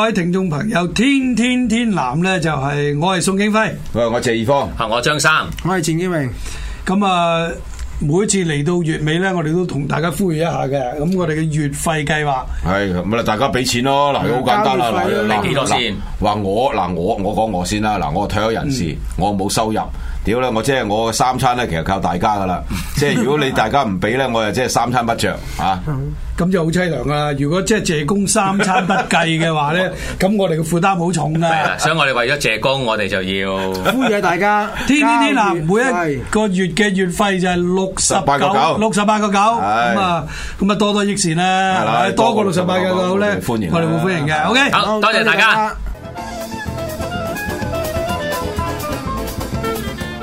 各位聽眾朋友，天天天藍咧就係、是、我係宋景輝，我係我謝義方，吓，我張生，我係錢經榮。咁啊，每次嚟到月尾咧，我哋都同大家呼籲一下嘅。咁我哋嘅月費計劃係咁啊，大家俾錢咯，嗱、嗯，好簡單啦，係嘛，俾幾多先？話我嗱，我我講我先啦，嗱，我係退休人士，嗯、我冇收入。屌啦！我即係我三餐咧，其實靠大家噶啦。即係如果你大家唔俾咧，我又即係三餐不著啊。咁就好淒涼噶啦。如果即係借公三餐不計嘅話咧，咁我哋嘅負擔好重噶。係啦，所以我哋為咗借公，我哋就要呼籲大家，天天天啦，每一個月嘅月費就係六十八個九，六十八個九。咁啊，咁啊多多益善啊，係咪？多過六十八個九咧，我哋會歡迎嘅。O K，好，多謝大家。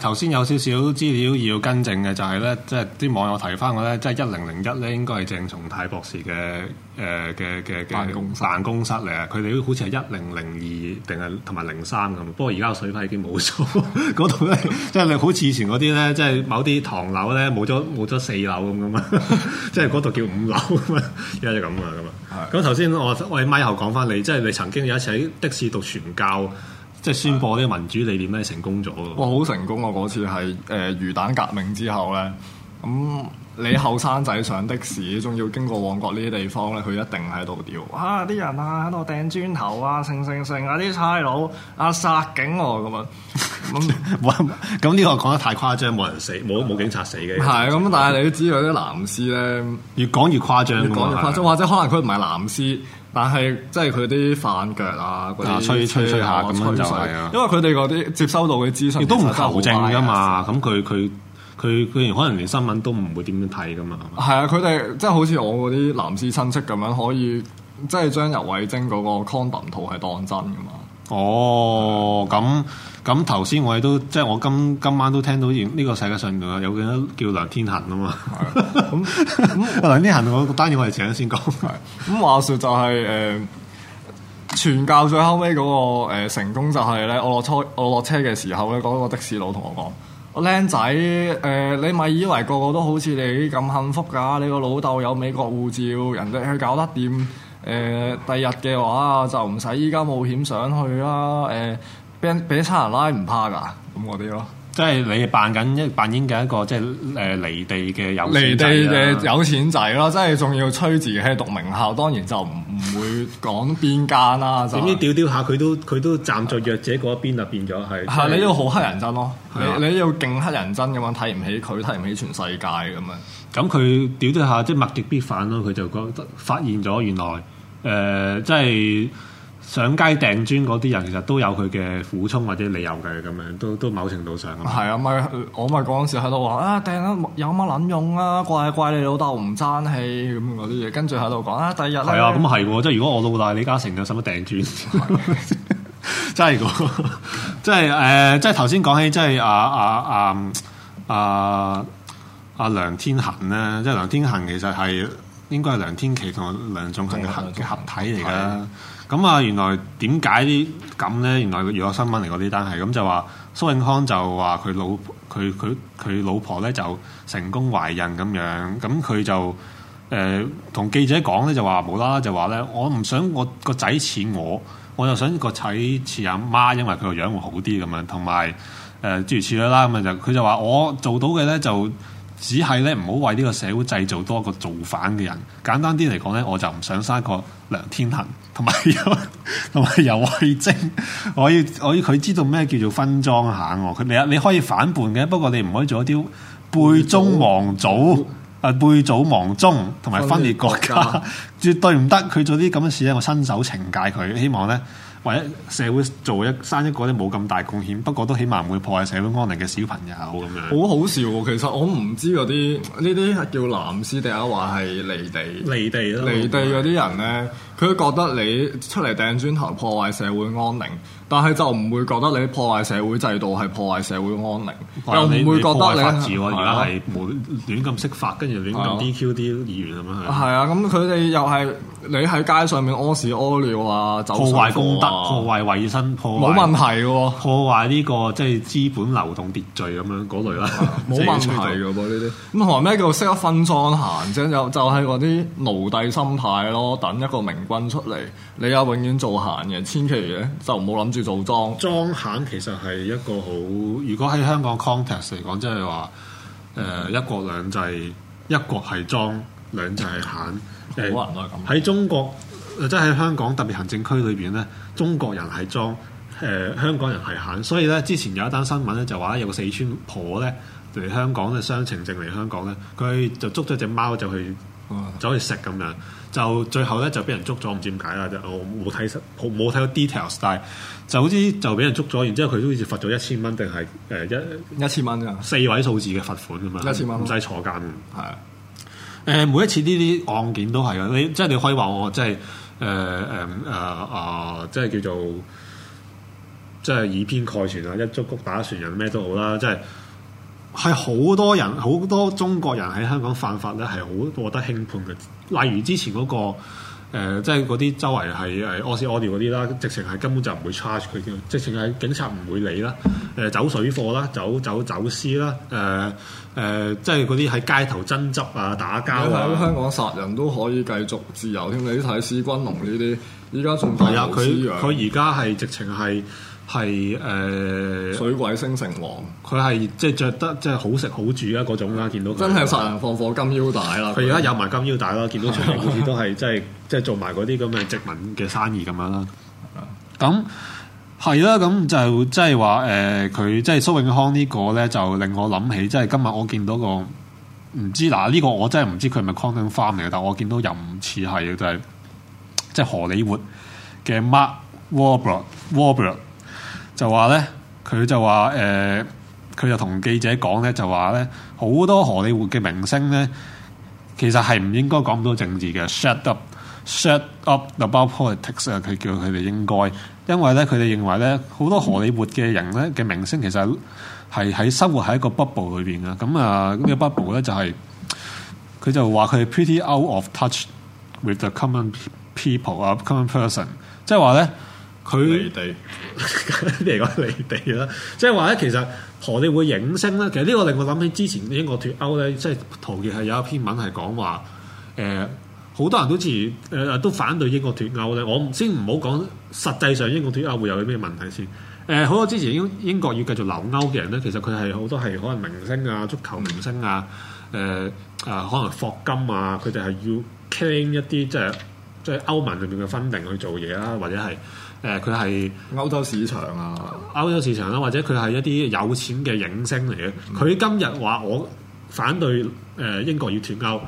頭先有少少資料要更正嘅，就是，就係咧，即係啲網友提翻我咧，即係一零零一咧，應該係鄭松泰博士嘅誒嘅嘅辦公辦公室嚟啊！佢哋好似係一零零二定係同埋零三咁。不過而家個水牌已經冇錯，嗰度咧，即係你好似以前嗰啲咧，即係某啲唐樓咧，冇咗冇咗四樓咁嘅嘛，即係嗰度叫五樓咁啊，而家就咁啊咁啊。咁頭先我我咪麥後講翻你，即係你曾經有一次喺的士度傳教。即係宣佈啲民主理念咧，成功咗咯！我好成功啊！嗰次係誒、呃、魚蛋革命之後咧，咁你後生仔上的士，仲要經過旺角呢啲地方咧，佢一定喺度屌「啊，啲人啊，喺度掟磚頭啊，成成成，成啊！啲差佬啊殺警喎咁啊！咁咁呢個講得太誇張，冇人死，冇冇 警察死嘅。係啊， 咁但係你都知道啲藍絲咧，越講越誇張，越講越誇張，或者可能佢唔係藍絲。但係，即係佢啲飯腳啊，嗰啲、啊啊、吹吹吹下咁樣就係啊，水因為佢哋嗰啲接收到嘅資訊亦都唔求證噶嘛，咁佢佢佢佢連可能連新聞都唔會點樣睇噶嘛。係、嗯、啊，佢哋即係好似我嗰啲男士親戚咁樣，可以即係將游蕙禎嗰個 condom 圖係當真噶嘛。哦，咁咁，頭先我哋都即係我今今晚都聽到呢個世界上有幾多叫梁天恒啊嘛，咁、嗯、 梁天恒行我， 我單嘢我哋請先講，咁話說就係、是、誒、呃、傳教最後尾嗰、那個、呃、成功就係咧，我落車我落車嘅時候咧，嗰、那個的士佬同我講，僆仔誒你咪以為個個都好似你咁幸福㗎？你個老豆有美國護照，人哋去搞得掂。誒、呃、第日嘅話就唔使依家冒險上去啦。誒俾俾差人拉唔怕㗎，咁嗰啲咯。即係你扮緊一扮演緊一個即係誒、呃、離地嘅有離地嘅有錢仔咯。即係仲要吹自己係讀名校，當然就唔唔會講邊間啦、啊。點、就是、知屌屌下佢都佢都站在弱者嗰一邊啦，變咗係、就是。係你要好乞人憎咯，的你你要勁乞人憎咁樣睇唔起佢，睇唔起，起全世界咁樣。咁佢屌咗下即係物極必反咯，佢就覺得發現咗原來。誒，即係、呃就是、上街掟磚嗰啲人，其實都有佢嘅苦衷或者理由嘅，咁樣都都某程度上咁。係啊，咪我咪講時喺度話啊，掟啊有乜卵用啊，怪怪你老豆唔爭氣咁嗰啲嘢，跟住喺度講啊，第日係啊，咁啊係喎，即係如果我老豆係李嘉誠，有使乜掟磚？ 真係即係誒，即係頭先講起，即係阿阿阿阿阿梁天恒咧，即係梁天恒其實係。應該係梁天琦同梁仲恒嘅合嘅合體嚟噶。咁啊，原來點解啲咁咧？原來個娛樂新聞嚟過呢單係咁就話，蘇永康就話佢老佢佢佢老婆咧就成功懷孕咁樣。咁佢就誒同、呃、記者講咧，就話冇啦啦就話咧，我唔想我個仔似我，我就想個仔似阿媽，因為佢個樣會好啲咁樣。同埋誒諸如此類啦咁啊，就佢就話我做到嘅咧就。只係咧，唔好為呢個社會製造多一個造反嘅人。簡單啲嚟講咧，我就唔想生個梁天恒，同埋又同埋又游蕙禎。我要我要佢知道咩叫做分贓下佢，你你可以反叛嘅，不過你唔可以做一啲背宗亡祖中啊，背祖亡宗同埋分裂國家，國家絕對唔得。佢做啲咁嘅事咧，我親手懲戒佢。希望咧。或者社會做一生一個咧冇咁大貢獻，不過都起碼唔會破壞社會安寧嘅小朋友咁樣。好、嗯、好笑喎！其實我唔知嗰啲呢啲叫藍絲定亞話係離地，離地咯，離地嗰啲人咧。嗯嗯佢覺得你出嚟掟磚頭破壞社會安寧，但係就唔會覺得你破壞社會制度係破壞社會安寧，又唔會覺得你法治喎。而家係亂咁釋法，跟住亂咁 DQ 啲議員咁樣係啊。咁佢哋又係你喺街上面屙屎屙尿啊，破壞公德、破壞衞生、破冇問題破壞呢個即係資本流動秩序咁樣嗰類啦。冇問題嘅噃呢啲。咁何咩叫識得分裝行？即係就係啲奴隸心態咯，等一個名。運出嚟，你又永遠做閒嘅，千祈咧就唔好諗住做莊莊閒，其實係一個好。如果喺香港 context 嚟講，即係話誒一國兩制，一國係莊，兩制係閒。誒，人都係咁。喺、呃、中國，即係喺香港特別行政區裏邊咧，中國人係莊，誒、呃、香港人係閒。所以咧，之前有一單新聞咧，就話有個四川婆咧嚟香港嘅雙程證嚟香港咧，佢就捉咗隻貓就去，走去食咁樣。就最後咧就俾人捉咗，唔知點解啦啫。我冇睇冇睇到 details，但係就好似就俾人捉咗，然之後佢都好似罰咗一千蚊定係誒一一千蚊啫。四位數字嘅罰款啊嘛，一千蚊唔使坐監嘅。係啊，誒、呃、每一次呢啲案件都係啊，你即係你可以話我即係誒誒誒誒，即係、呃呃呃呃、叫做即係以偏概全啊，一竹篙打船人咩都好啦，即係。係好多人，好多中國人喺香港犯法咧，係好獲得輕判嘅。例如之前嗰、那個即係嗰啲周圍係誒屙屎屙尿嗰啲啦，直情係根本就唔會 charge 佢嘅，直情係警察唔會理啦。誒、呃，走水貨啦，走走走私啦，誒、呃、誒，即係嗰啲喺街頭爭執啊、打交、啊，喺香港殺人都可以繼續自由添。你睇史君龍呢啲，依家仲係啊，佢佢而家係直情係。嗯係誒、呃、水鬼升城隍，佢係即係著得即係好食好住啊嗰種啦。見到真係殺人放火金腰帶啦。佢而家有埋金腰帶啦。見到出嚟好似都係 即係即係做埋嗰啲咁嘅殖民嘅生意咁樣啦。咁係啦，咁就，就、呃、即係話誒佢即係蘇永康個呢個咧，就令我諗起即係今日我見到個唔知嗱呢、呢個我真係唔知佢係咪 content farm 嚟，但我見到又唔似係就係即係荷里活嘅 Mark Wahlberg Wahlberg War。就話咧，佢就話誒，佢、呃、就同記者講咧，就話咧，好多荷里活嘅明星咧，其實係唔應該講咁多政治嘅 Shut up，shut up，shut up the about politics 啊，佢叫佢哋應該，因為咧佢哋認為咧，好多荷里活嘅人咧嘅明星其實係喺生活喺一個 bubble 裏邊嘅，咁啊、這個、呢個 bubble 咧就係、是、佢就話佢係 pretty out of touch with the common people 啊，common person，即係話咧。佢哋嚟講離地啦，即係話咧，其實何地會影星咧？其實呢個令我諗起之前英國脱歐咧，即係陶傑係有一篇文係講話，誒、呃、好多人都似誒、呃、都反對英國脱歐咧。我先唔好講實際上英國脱歐會有啲咩問題先。誒、呃、好多之前英英國要繼續留歐嘅人咧，其實佢係好多係可能明星啊、足球明星啊、誒、呃、啊可能霍金啊，佢哋係要傾一啲即係即係歐盟裏邊嘅 funding 去做嘢啦，或者係。誒佢係歐洲市場啊，歐洲市場啦，或者佢係一啲有錢嘅影星嚟嘅。佢、嗯、今日話我反對誒、呃、英國要脱歐，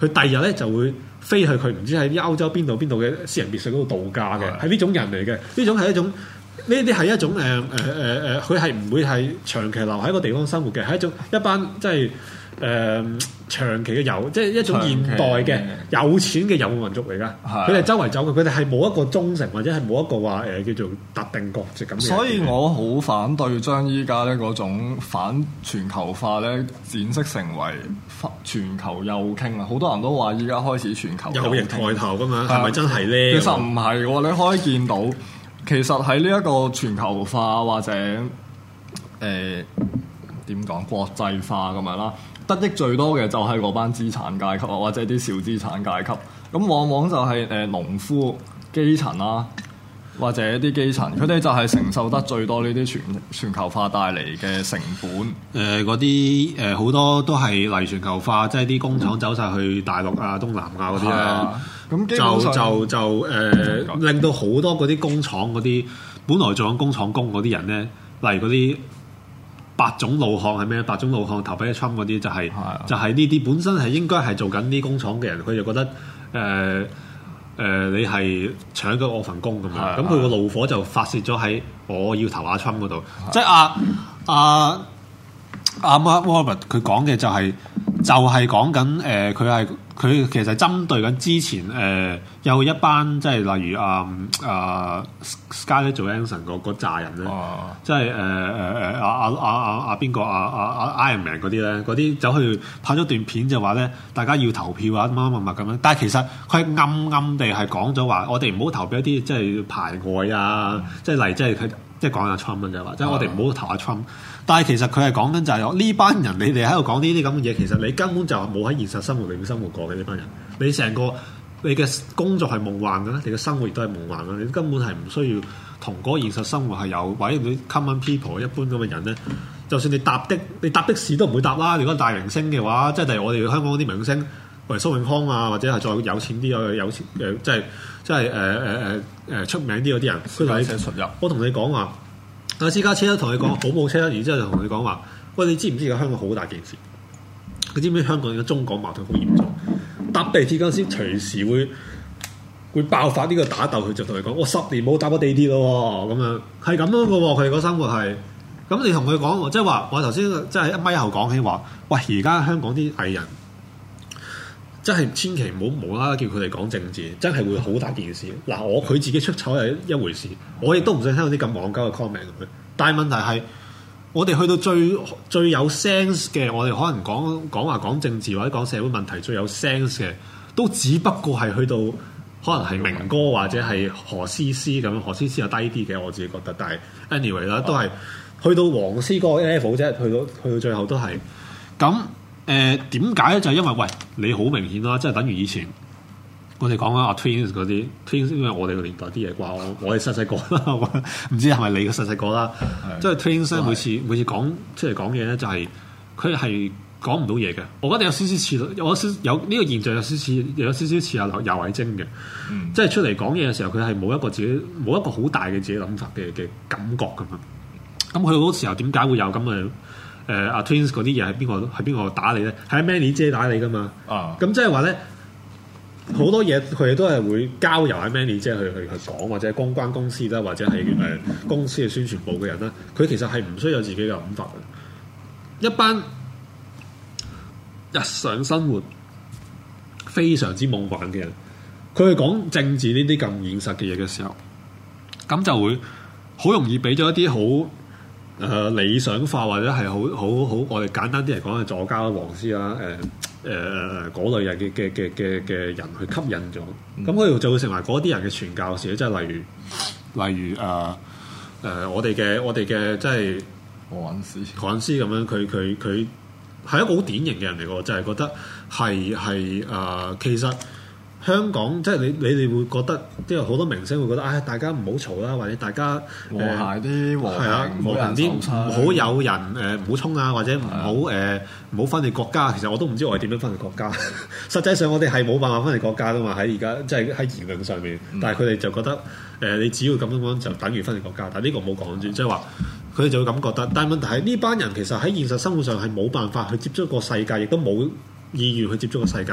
佢第二日咧就會飛去佢唔知喺啲歐洲邊度邊度嘅私人別墅度度假嘅。係呢、嗯、種人嚟嘅，呢種係一種呢啲係一種誒誒誒誒，佢係唔會係長期留喺個地方生活嘅，係一種一班即係。誒、呃、長期嘅有，即係一種現代嘅有錢嘅遊牧民族嚟噶。佢哋是的 周圍走嘅，佢哋係冇一個忠誠，或者係冇一個話誒、呃、叫做特定國籍咁。所以我好反對將依家咧嗰種反全球化咧展釋成為全球右傾啊！好多人都話依家開始全球右翼抬頭㗎嘛，係咪的真係咧？其實唔係喎，你可以見到其實喺呢一個全球化或者誒點講國際化咁樣啦。得益最多嘅就係嗰班資產階級啊，或者啲小資產階級。咁往往就係誒農夫、基層啦，或者啲基層，佢哋就係承受得最多呢啲全全球化帶嚟嘅成本。誒、呃，嗰啲誒好多都係嚟全球化，即係啲工廠走晒去大陸啊、東南亞嗰啲啦。咁、啊、就就就誒、呃，令到好多嗰啲工廠嗰啲，本來做緊工廠工嗰啲人咧，例如嗰啲。白種怒漢係咩？白種怒漢投俾 Trump 嗰啲就係、是是啊、就係呢啲本身係應該係做緊啲工廠嘅人，佢就覺得誒誒、呃呃，你係搶咗我份工咁是啊！咁佢個怒火就發泄咗喺我要投 Trump 嗰度。即係阿阿阿馬沃佢講嘅就係、是、就係講緊誒，佢、呃、係。佢其實針對緊之前誒、呃、有一班即係例如啊啊 Sky 咧做 Anson 個個扎人咧，啊、即係誒誒誒阿阿阿阿阿邊個阿阿阿 Iron Man 嗰啲咧，嗰啲走去拍咗段片就話咧，大家要投票啊，乜乜乜咁樣。但係其實佢暗暗地係講咗話，我哋唔好投票啲即係排外啊，即係、嗯、例，即係佢。即係講下 Trump 就係話，即係我哋唔好投下 Trump。但係其實佢係講緊就係，呢班人你哋喺度講呢啲咁嘅嘢，其實你根本就冇喺現實生活裏面生活過嘅呢班人。你成個你嘅工作係夢幻嘅咧，你嘅生活亦都係夢幻嘅。你根本係唔需要同嗰現實生活係有位，你 common people 一般咁嘅人咧。就算你搭的你搭的士都唔會搭啦。如果大明星嘅話，即係例如我哋香港啲明星，喂蘇永康啊，或者係再有錢啲啊，有錢即係。就是即係誒誒誒誒出名啲嗰啲人，入。我同你講話，阿私家車咧同你講好冇車啦，然之後就同你講話，喂，你知唔知個香港好大件事？你知唔知香港嘅中港矛盾好嚴重？搭地鐵陣時隨時會會爆發呢個打鬥，佢就同你講、哦啊：我十年冇搭過地鐵咯，咁樣係咁樣嘅喎。佢哋個生活係咁，你同佢講即係話，我頭先即係一米後講起話，喂，而家香港啲藝人。真係千祈唔好無啦啦叫佢哋講政治，真係會好大件事。嗱，我佢自己出醜又一回事，我亦都唔想聽到啲咁網交嘅 comment 咁樣。但係問題係，我哋去到最最有 sense 嘅，我哋可能講講話講政治或者講社會問題最有 sense 嘅，都只不過係去到可能係明哥或者係何思思咁，何思思又低啲嘅，我自己覺得。但係 anyway 啦，都係去到黃絲哥 level 啫，去到去到，去到最後都係咁。誒點解咧？就係、是、因為喂，你好明顯啦，即係等於以前我哋講緊啦，Twins 嗰啲 Twins 因為我哋個年代啲嘢啩我，我係細細個，唔 知係咪你嘅細細個啦。即係 Twins 每次， 每，次每次講出嚟講嘢咧、就是，就係佢係講唔到嘢嘅。我覺得有少少似，有少有呢個現象有少少有少少似阿劉偉晶嘅， 即係出嚟講嘢嘅時候，佢係冇一個自己冇一個好大嘅自己諗法嘅嘅感覺咁樣。咁佢好個時候點解會有咁嘅？誒阿 Twins 嗰啲嘢喺邊個？喺邊個打你咧？係 Manny 姐打你噶嘛？啊、uh.！咁即係話咧，好多嘢佢哋都係會交由阿 Manny 姐去去去講，或者公關公司啦，或者係誒、呃、公司嘅宣傳部嘅人啦。佢其實係唔需要有自己嘅諗法嘅。一班日常生活非常之夢幻嘅人，佢哋講政治呢啲咁現實嘅嘢嘅時候，咁就會好容易俾咗一啲好，誒、呃、理想化或者係好好好，我哋簡單啲嚟講係左膠、王師啦，誒誒誒誒嗰類人嘅嘅嘅嘅嘅人去吸引咗，咁佢、嗯、就會成為嗰啲人嘅傳教士，即、就、係、是、例如例如誒誒、uh, 呃、我哋嘅我哋嘅即係何韻詩，何韻詩咁樣，佢佢佢係一個好典型嘅人嚟喎，就係覺得係係誒其實。香港即係你，你哋會覺得，即係好多明星會覺得，唉、哎，大家唔好嘈啦，或者大家和諧啲，和平啲，唔好有人誒唔好衝啊，或者唔好誒唔好分裂國家。其實我都唔知我係點樣分裂國家。實際上我哋係冇辦法分裂國家噶嘛，喺而家即係喺言論上面，但係佢哋就覺得誒、呃，你只要咁樣就等於分裂國家。但係呢個冇講住，即係話佢哋就會咁覺得。但係問題係呢班人其實喺現實生活上係冇辦法去接觸個世界，亦都冇意願去接觸個世界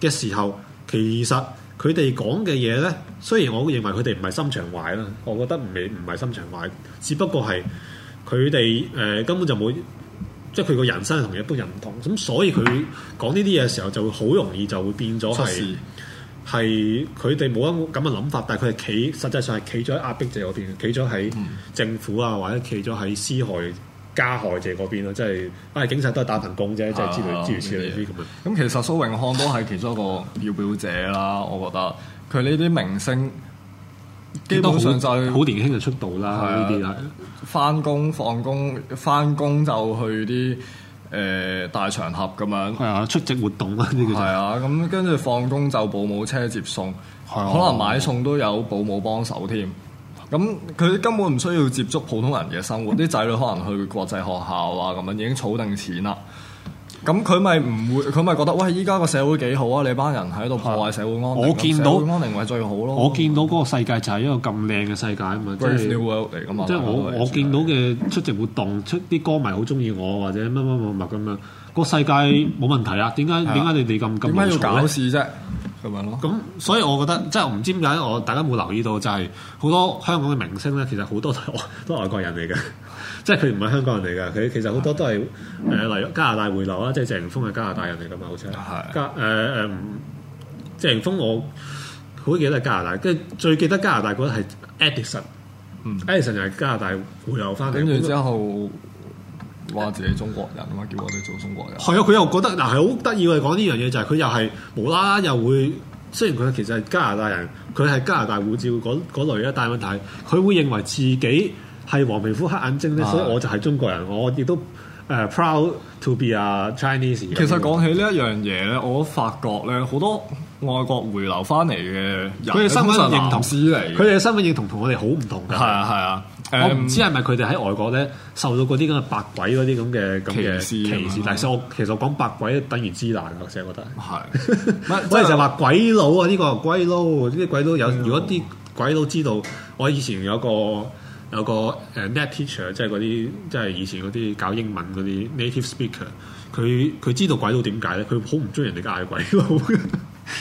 嘅時候。其實佢哋講嘅嘢咧，雖然我認為佢哋唔係心腸壞啦，我覺得唔係唔係心腸壞，只不過係佢哋誒根本就冇，即係佢個人生係同一般人唔同，咁所以佢講呢啲嘢嘅時候，就會好容易就會變咗係係佢哋冇一咁嘅諗法，但係佢係企實際上係企咗喺壓迫者嗰邊，企咗喺政府啊，嗯、或者企咗喺施害。加害者嗰邊咯，即係，啊，警察都係打份工啫，即係之類之類之類啲咁。咁其實蘇永康都係其中一個表表者啦，我覺得佢呢啲明星基本上就係好年輕就出道啦，呢啲、啊、啦。翻工放工，翻工，工就去啲誒、呃、大場合咁樣，係啊，出席活動啊啲嘅。係啊，咁跟住放工就保姆車接送，啊、可能買餸都有保姆幫手添。咁佢根本唔需要接觸普通人嘅生活，啲仔 女可能去國際學校啊，咁樣已經儲定錢啦。咁佢咪唔會，佢咪覺得喂，依家個社會幾好啊？你班人喺度破壞社會安定，我見到安定咪最好咯。我見到嗰個世界就係一個咁靚嘅世界啊嘛，即係 new world 嚟噶嘛。即係我我見到嘅出席活動，出啲歌迷好中意我，或者乜乜乜物咁樣，個世界冇問題啊。點解點解你哋咁急要搞事啫？咁樣咯，咁所以我覺得即係我唔知點解我大家冇留意到，就係、是、好多香港嘅明星咧，其實好多都係外國人嚟嘅，即係佢唔係香港人嚟嘅。佢其實好多都係誒，例如是的、呃、加拿大回流啦，即係謝霆鋒係加拿大人嚟噶嘛，好似係。是的 加誒誒，謝霆鋒我好記得係加拿大，跟住最記得加拿大嗰係 Edison，Edison 又係加拿大回流翻嚟，跟住之後。話自己係中國人啊嘛，叫我哋做中國人。係啊，佢又覺得嗱，係好得意我哋講呢樣嘢，就係佢又係無啦啦又會，雖然佢其實係加拿大人，佢係加拿大護照嗰類啊，但係問題係佢會認為自己係黃皮膚黑眼睛咧，嗯、所以我就係中國人，我亦都誒 proud to be a Chinese。其實講起呢一樣嘢咧，我發覺咧好多外國回流翻嚟嘅，人，佢哋身份認同視嚟，佢哋嘅身份認同同我哋好唔同㗎。係啊、嗯，係啊。 Um, 我唔知係咪佢哋喺外國咧受到嗰啲咁嘅白鬼嗰啲咁嘅咁嘅歧視，歧視。歧視但係我、嗯、其實講白鬼等於支難咯，成日覺得。我哋以就話鬼佬啊，呢、呢個係鬼佬。呢啲鬼佬有，嗯、如果啲鬼佬知道，我以前有個有個誒、uh, NET teacher，即係嗰啲即係以前嗰啲搞英文嗰啲 native speaker，佢佢知道鬼佬點解咧？佢好唔中意人哋嗌鬼佬。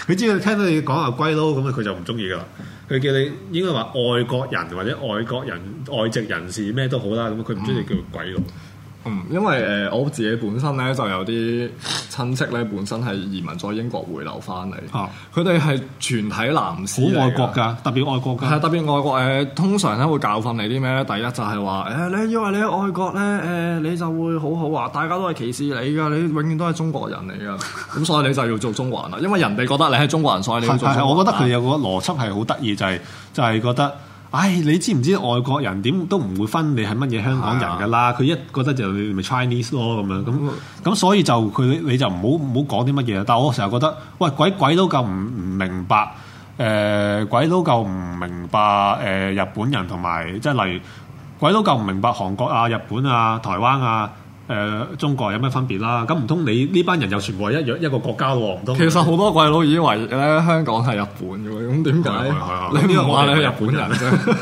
佢知道你聽到你講話、啊、鬼佬咁佢就唔中意噶啦。佢叫你應該話外國人或者外國人、外籍人士咩都好啦，咁佢唔鍾意叫鬼佬。嗯。嗯，因為誒、呃、我自己本身咧就有啲親戚咧，本身係移民咗英國回流翻嚟，佢哋係全體藍絲，好愛國㗎，特別愛國㗎，特別愛國誒、呃。通常咧會教訓你啲咩咧？第一就係話誒，你因為你喺外國咧，誒、呃、你就會好好話、啊，大家都係歧視你㗎，你永遠都係中國人嚟㗎。咁 所以你就要做中國人啦，因為人哋覺得你係中國人，所以你要做中國人。我覺得佢有個邏輯係好得意，就係、是、就係、是、覺得。唉，你知唔知外國人點都唔會分你係乜嘢香港人噶啦？佢、啊、一覺得就你咪 Chinese 咯咁樣咁咁，所以就佢你就唔好唔好講啲乜嘢啊！但係我成日覺得，喂，鬼鬼都夠唔唔明白，誒、呃，鬼都夠唔明白，誒、呃，日本人同埋即係例如鬼都夠唔明白韓國啊、日本啊、台灣啊。誒、呃、中國有咩分別啦、啊？咁唔通你呢班人又全部一樣一個國家嘅、啊、黃？其實好多鬼佬以為咧香港係日本嘅，咁點解？對對對你呢個你咧日本人真係，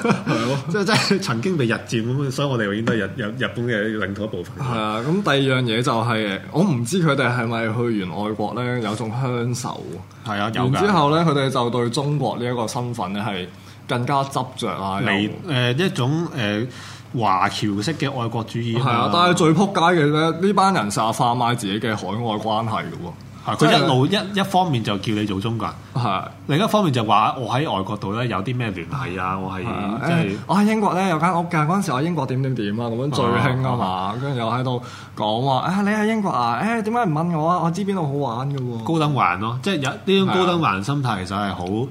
即係即係曾經被日佔咁，所以我哋永遠都係日日日本嘅領土一部分。係啊，咁第二樣嘢就係、是、我唔知佢哋係咪去完外國咧有種鄉愁。係啊，然後之後咧，佢哋就對中國呢一個身份咧係更加執着啊！嚟誒、呃、一種誒。呃呃華僑式嘅愛國主義係啊，但係最撲街嘅咧，呢班人係販賣自己嘅海外關係嘅佢一路、啊、一一方面就叫你做中國人㗎，係、啊、另一方面就話我喺外國度咧有啲咩聯繫啊，我係即係我喺英國咧有間屋㗎。嗰陣時我英國點點點啊咁樣最興啊嘛，跟住、啊、又喺度講話，唉、啊、你喺英國啊，唉點解唔問我啊？我知邊度好玩嘅喎、啊。高等華人咯，即係有呢種高等華人心態，其實係好，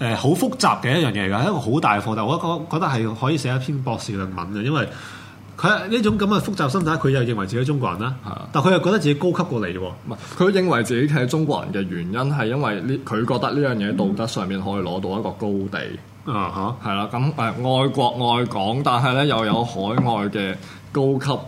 誒好、呃、複雜嘅一樣嘢㗎，一個好大嘅課題，我覺覺得係可以寫一篇博士論文嘅，因為佢呢種咁嘅複雜心態，佢又認為自己中國人啦，的但佢又覺得自己高級過你喎，唔係佢認為自己係中國人嘅原因係因為呢，佢覺得呢樣嘢道德上面可以攞到一個高地，啊嚇、uh，係、huh，啦，咁誒、呃、愛國愛港，但係咧又有海外嘅高級。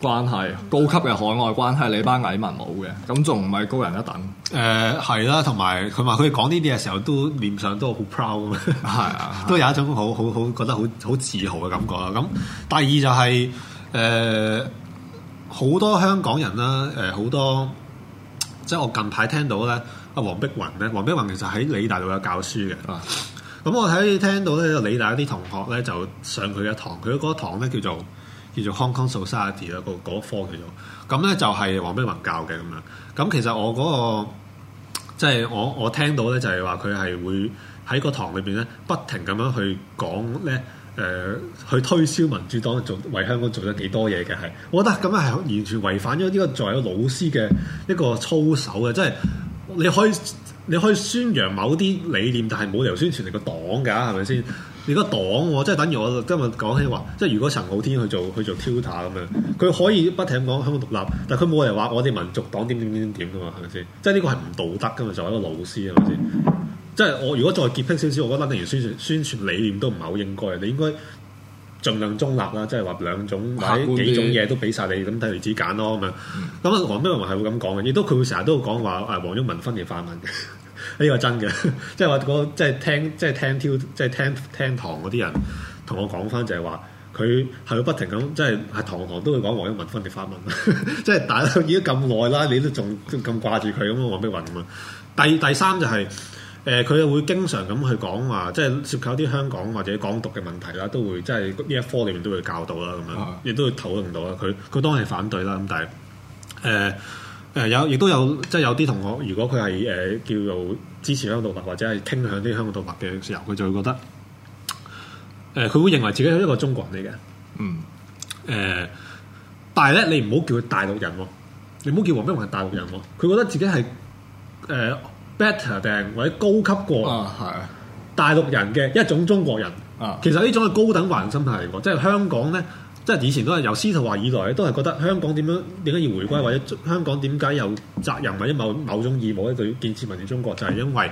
關係高級嘅海外關係，你班蟻民冇嘅，咁仲唔係高人一等？誒、呃，係啦，同埋佢話佢哋講呢啲嘅時候都，都面上都好 proud 咁的，啊， 都有一種好好好，好覺得好好自豪嘅感覺啦。咁第二就係誒好多香港人啦，誒、呃、好多即係我近排聽到咧，阿黃碧雲咧，黃碧雲其實喺理大度有教書嘅，咁、嗯、我可以聽到咧，理大啲同學咧就上佢嘅堂，佢嗰堂咧叫做。叫做 Hong Kong Society 嗰一科叫做咁咧，就係黃碧雲教嘅咁樣。咁其實我嗰、那個即係、就是、我我聽到咧，就係話佢係會喺個堂裏邊咧，不停咁樣去講咧，誒、呃、去推銷民主黨做為香港做咗幾多嘢嘅，係我覺得咁樣係完全違反咗呢個作為一個老師嘅一個操守嘅，即、就、係、是、你可以你可以宣揚某啲理念，但係冇理由宣傳你個黨噶，係咪先？如果個黨，我即係等於我今日講起話，即係如果陳浩天去做去做 tutor 咁樣，佢可以不停講香港獨立，但係佢冇人話我哋民族黨點點點點㗎嘛係咪先？即係呢個係唔道德㗎嘛？作為一個老師係咪先？即係我如果再潔癖少少，我覺得例如宣傳宣傳理念都唔係好應該，你應該盡量中立啦，即係話兩種或者幾種嘢都俾晒你咁睇你自己揀咯咁樣。咁啊，黃德文係會咁講嘅，亦都佢會成日都會講話啊黃毓民分裂泛民。嘅。呢個真嘅，即係我即係聽即係、就是、聽挑即係聽聽堂嗰啲人同我講翻，就係話佢係會不停咁，即係喺堂堂都會講黃碧雲分裂發文。即係大家已經咁耐啦，你都仲咁掛住佢咁啊？黃碧雲咁啊！第第三就係、是、誒，佢、呃、又會經常咁去講話，即、就、係、是、涉及啲香港或者港獨嘅問題啦，都會即係呢一科裡面都會教到啦，咁樣亦都會討論到啦。佢佢當然係反對啦，咁但係誒、呃誒有，亦、呃、都有，即係有啲同學，如果佢係誒叫做支持香港獨立，或者係傾向啲香港獨立嘅時候，佢就會覺得，誒、呃、佢會認為自己係一個中國人嚟嘅，嗯，誒、呃，但係咧，你唔好叫佢大陸人、哦，你唔好叫黃碧雲係大陸人、哦，佢覺得自己係誒、呃、better than 或者高級過大陸人嘅一種中國人，啊，其實呢種係高等華人心態嚟即係香港咧。即係以前都係由司徒華以來都係覺得香港點樣點解要回歸，或者香港點解有責任或者某某種義務咧？對建設民主中國，就係、是、因為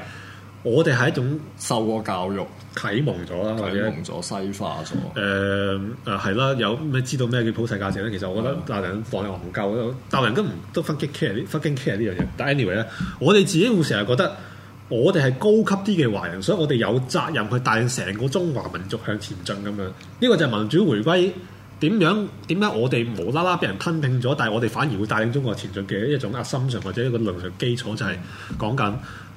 我哋係一種受過教育、啟蒙咗啦，啟蒙咗、西化咗。誒誒、呃，係、啊、啦，有咩知道咩叫普世價值咧？其實我覺得、嗯、大人放棄唔夠，嗯、大人都唔都 fucking care 呢，fucking care 呢樣嘢。但 anyway 咧，我哋自己會成日覺得我哋係高級啲嘅華人，所以我哋有責任去帶領成個中華民族向前進咁樣。呢個就係民主回歸。點樣，點解我哋無啦啦俾人吞併咗，但係我哋反而會帶領中國前進嘅一種壓心上或者一個論述基礎就，就係講緊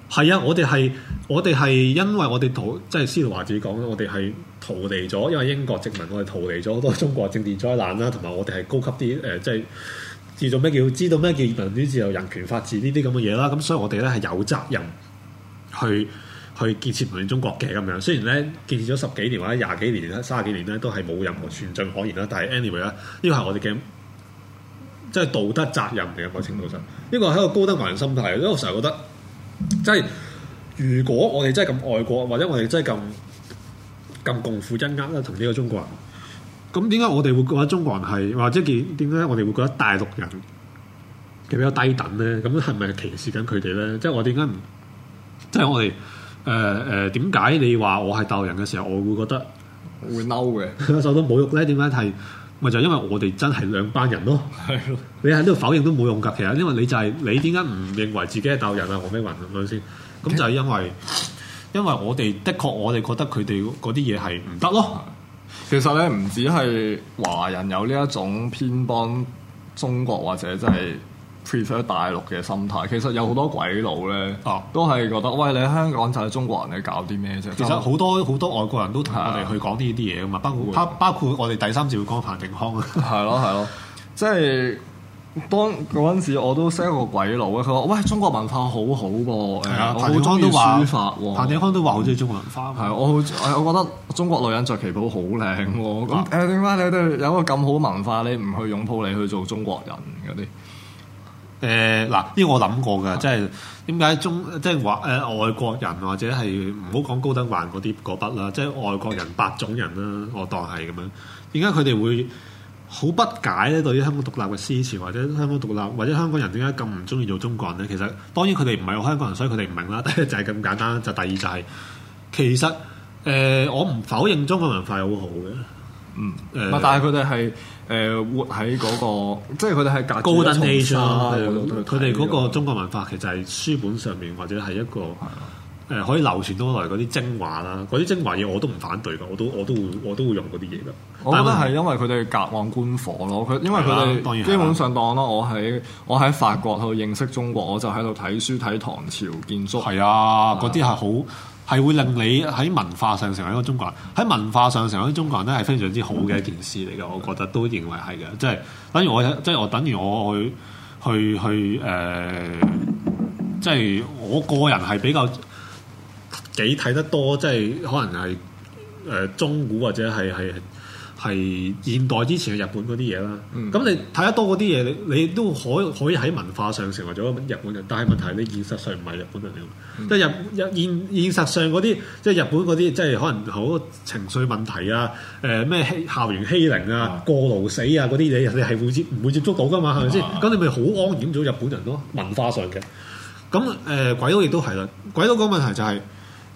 係啊！我哋係我哋係因為我哋逃，即係司徒華自己講我哋係逃離咗，因為英國殖民，我哋逃離咗好多中國政治災難啦，同埋我哋係高級啲誒、呃，即係叫做咩叫知道咩叫，叫民主自由、人權法治呢啲咁嘅嘢啦。咁所以我呢，我哋咧係有責任去。去建設中國嘅咁樣，雖然咧建設咗十幾年或者廿幾年啦、三十幾年咧，都係冇任何進展可言啦。但係 anyway 啦，呢個係我哋嘅即係道德責任嚟嘅，一個程度上。呢個係一個高等華人心態。因為我成日覺得，即係如果我哋真係咁愛國，或者我哋真係咁咁共苦恩恩啦，同呢個中國人，咁點解我哋會覺得中國人係，或者點解我哋會覺得大陸人嘅比較低等咧？咁係咪歧視緊佢哋咧？即係我點解唔即係我哋？誒誒，點解、呃、你話我係鬥人嘅時候，我會覺得會嬲嘅 受到侮辱咧？點解？係咪就因為我哋真係兩班人咯？係咯，你喺呢度否認都冇用㗎。其實因為你就係、是、你點解唔認為自己係鬥人啊？何咩雲咁樣先？咁就係因為因為我哋的確我哋覺得佢哋嗰啲嘢係唔得咯。其實咧唔止係華人有呢一種偏幫中國或者真、就、係、是。睇翻大陸嘅心態，其實有好多鬼佬咧，啊、都係覺得喂，你喺香港就係中國人，你搞啲咩啫？其實好多好多外國人都同我哋去講呢啲嘢噶嘛，的包括包括我哋第三次會講彭定康啊。係咯係咯，即係當嗰陣時我都識一個鬼佬咧，佢話：喂，中國文化好好噃，彭定康都話彭定康都話好我中意中國文化。係我好， 我覺得中國女人着旗袍 好靚喎。咁誒點解你哋有個咁好文化，你唔去擁抱你去做中國人嗰啲？誒嗱，呢、呃，這個我諗過嘅。即係點解中即係話誒外國人或者係唔好講高登還嗰啲嗰筆啦，即係外國人八種人啦，我當係咁樣。點解佢哋會好不解咧？對於香港獨立嘅思潮，或者香港獨立，或者香港人點解咁唔中意做中國人咧？其實當然佢哋唔係香港人，所以佢哋唔明啦。第 一就係咁簡單，就第二就係、是、其實誒、呃，我唔否認中國文化好好嘅。嗯，誒，但係佢哋係誒活喺嗰、嗰個，即係佢哋係隔高等 a g 佢哋嗰個中國文化其實係書本上面或者係一個誒是的、呃、可以流傳到嚟嗰啲精華啦。嗰啲精華嘢我都唔反對㗎，我都我都會我都會用嗰啲嘢㗎。我覺得係因為佢哋隔岸觀火咯。佢因為佢哋基本上當啦，我喺我喺法國去認識中國，我就喺度睇書睇唐朝建築，係啊的，嗰啲係好。係會令你喺文化上成為一個中國人，喺文化上成為一個中國人咧係非常之好嘅一件事嚟嘅，我覺得都認為係嘅，即係等於我即係我等於我去去去誒，即係我個人係比較幾睇得多，即係可能係誒中古或者係係。係現代之前嘅日本嗰啲嘢啦，咁、嗯、你睇得多嗰啲嘢，你你都可以可以喺文化上成為咗日本人，但係問題你現實上唔係日本人嚟、嗯、即係日日現現實上嗰啲即係日本嗰啲，即係可能好情緒問題啊，誒、呃、咩校園欺凌啊、嗯、過勞死啊嗰啲嘢，你係會接唔會接觸到㗎嘛？係咪先？咁、嗯、你咪好安掩咗日本人咯，文化上嘅。咁誒鬼佬亦都係啦，鬼佬個問題就係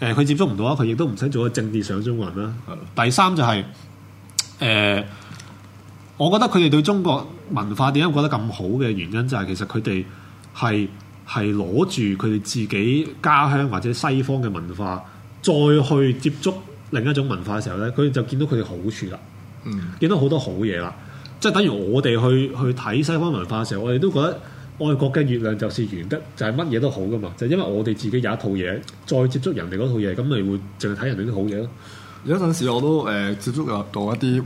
誒佢接觸唔到啊，佢亦都唔使做個政治上中國人啦。第三就係。誒、呃，我覺得佢哋對中國文化點解會覺得咁好嘅原因，就係其實佢哋係係攞住佢哋自己家鄉或者西方嘅文化，再去接觸另一種文化嘅時候咧，佢哋就見到佢哋好處啦，嗯、見到好多好嘢啦，即係等於我哋去去睇西方文化嘅時候，我哋都覺得外國嘅月亮就是圓嘅，就係乜嘢都好噶嘛，就係、因為我哋自己有一套嘢，再接觸人哋嗰套嘢，咁咪會淨係睇人哋啲好嘢咯。有一陣時我都誒接觸入到一啲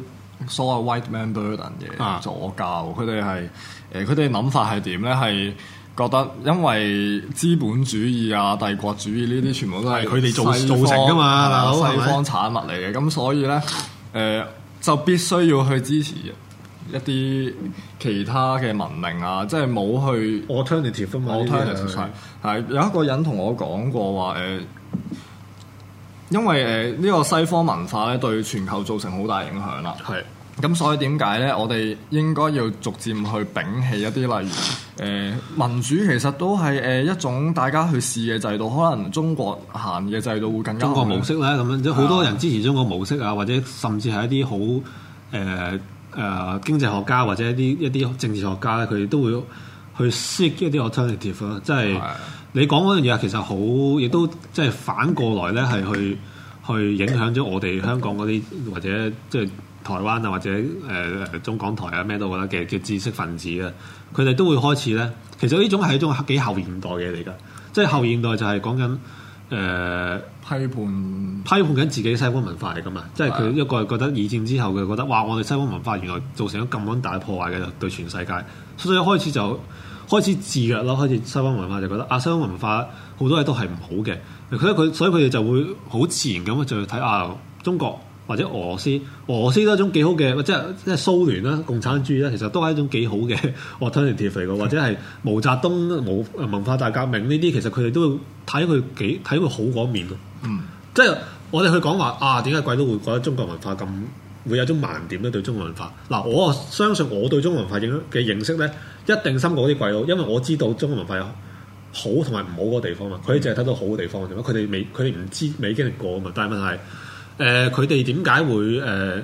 所謂 white man burden 嘅左膠，佢哋係誒佢哋諗法係點咧？係覺得因為資本主義啊、帝國主義呢啲全部都係佢哋做造成噶嘛，西方產物嚟嘅，咁吧所以咧誒、呃、就必須要去支持一啲其他嘅文明啊，即係冇去 alternative。啊嘛 Altern ative, 些。係，有一個人同我講過話誒。呃因為誒呢個西方文化咧對全球造成好大影響啦，係的。咁所以點解咧？我哋應該要逐漸去摒棄一啲例如誒、呃、民主，其實都係誒一種大家去試嘅制度。可能中國行嘅制度會更加中國模式咧，咁樣即係好多人支持中國模式啊，或者甚至係一啲好誒誒經濟學家或者一啲一啲政治學家咧，佢哋都會去識一啲 alternative，即係。你講嗰樣嘢其實好，亦都即係反過來咧，係去去影響咗我哋香港嗰啲或者即係台灣啊，或者誒、呃、中港台啊咩都覺得嘅，嘅知識分子啊，佢哋都會開始咧。其實呢種係一種幾後現代嘅嚟噶，即係後現代就係講緊誒批判批判緊自己西方文化嚟噶嘛，即係佢一個係覺得二戰之後佢覺得哇，我哋西方文化原來造成咗咁樣大破壞嘅對全世界，所以一開始就，開始自虐咯，開始西方文化就覺得啊，西方文化好多嘢都係唔好嘅。佢佢所以佢哋就會好自然咁就睇啊，中國或者俄羅斯，俄羅斯都係一種幾好嘅，即係即係蘇聯啦、共產主義啦，其實都係一種幾好嘅 alternative 嚟嘅，或者係毛澤東冇文化大革命呢啲，其實佢哋都會睇佢幾睇佢好嗰面咯。嗯即，即係我哋去講話啊，點解鬼都會覺得中國文化咁？會有種盲點咧對中國文化，嗱我相信我對中國文化認嘅認識咧，一定深過啲鬼佬，因為我知道中國文化有好同埋唔好嗰個地方嘛。佢哋淨係睇到好嘅地方啫嘛，佢哋未佢哋唔知未經歷過啊嘛。但係問題誒，佢哋點解會誒、呃，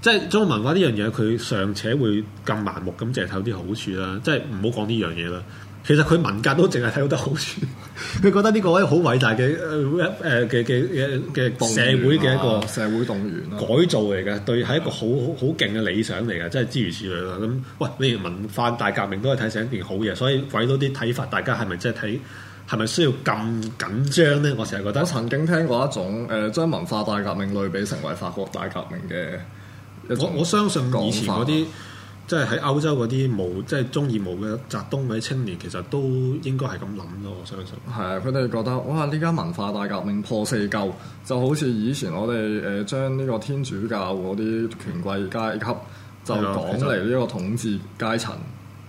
即係中國文化呢樣嘢，佢尚且會咁盲目，咁，淨係睇到啲好處啦。即係唔好講呢樣嘢啦。其實佢文革都淨係睇到得好處， 佢覺得呢個係好偉大嘅誒嘅嘅嘅嘅社會嘅一個、啊、社會動員、啊、改造嚟嘅，對係一個好好勁嘅理想嚟嘅，真係諸如此類啦。咁喂，你文化大革命都係睇成一件好嘢，所以鬼佬啲睇法，大家係咪真係睇係咪需要咁緊張咧？我成日覺得曾經聽過一種誒、呃、將文化大革命類比成為法國大革命嘅，我我相信以前嗰啲。即係喺歐洲嗰啲毛，即係中意毛澤東嘅青年，其實都應該係咁諗咯，我相信。係啊，佢哋覺得哇！呢家文化大革命破四舊，就好似以前我哋誒、呃、將呢個天主教嗰啲權貴階級就講出嚟呢個統治階層。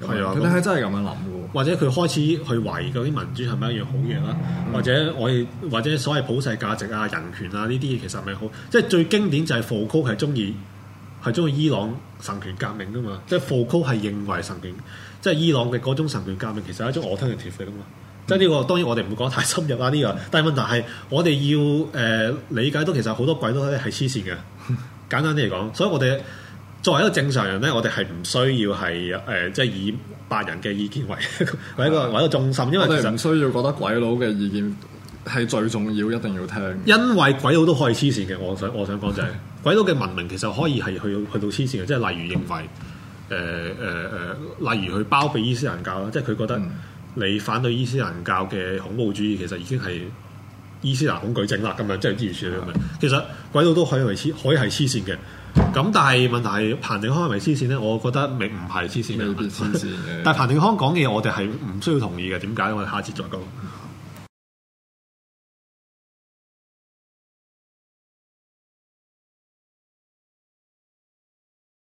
係啊的，佢哋係真係咁樣諗嘅。或者佢開始去懷疑嗰啲民主係咪一樣好嘢啦？或者我亦或者所謂普世價值啊、人權啊呢啲，其實咪好？即係最經典就係福柯係中意。係中意伊朗神權革命噶嘛？即係福柯係認為神權，即係伊朗嘅嗰種神權革命其實係一種我聽嘅調戲啊嘛！即係呢個當然我哋唔會講太深入啦呢、呢個，但係問題係我哋要誒、呃、理解到其實好多鬼都係黐線嘅。 簡單啲嚟講，所以我哋作為一個正常人咧，我哋係唔需要係誒即係以白人嘅意見為一 為一個為一個重心，因為其實唔需要覺得鬼佬嘅意見係最重要一定要聽，因為鬼佬都可以黐線嘅。我想我想講就係、係。 鬼佬嘅文明其實可以係去去到黐線嘅，即係例如認為，誒誒誒，例如佢包庇伊斯蘭教啦，即係佢覺得你反對伊斯蘭教嘅恐怖主義，其實已經係伊斯蘭恐懼症啦，咁樣即係啲咁樣。其實鬼佬都可以係黐，可以係黐線嘅。咁但係問題係彭定康係咪黐線咧？我覺得未唔係黐線嘅， 但係彭定康講嘢，我哋係唔需要同意嘅。點解？我哋下次再講。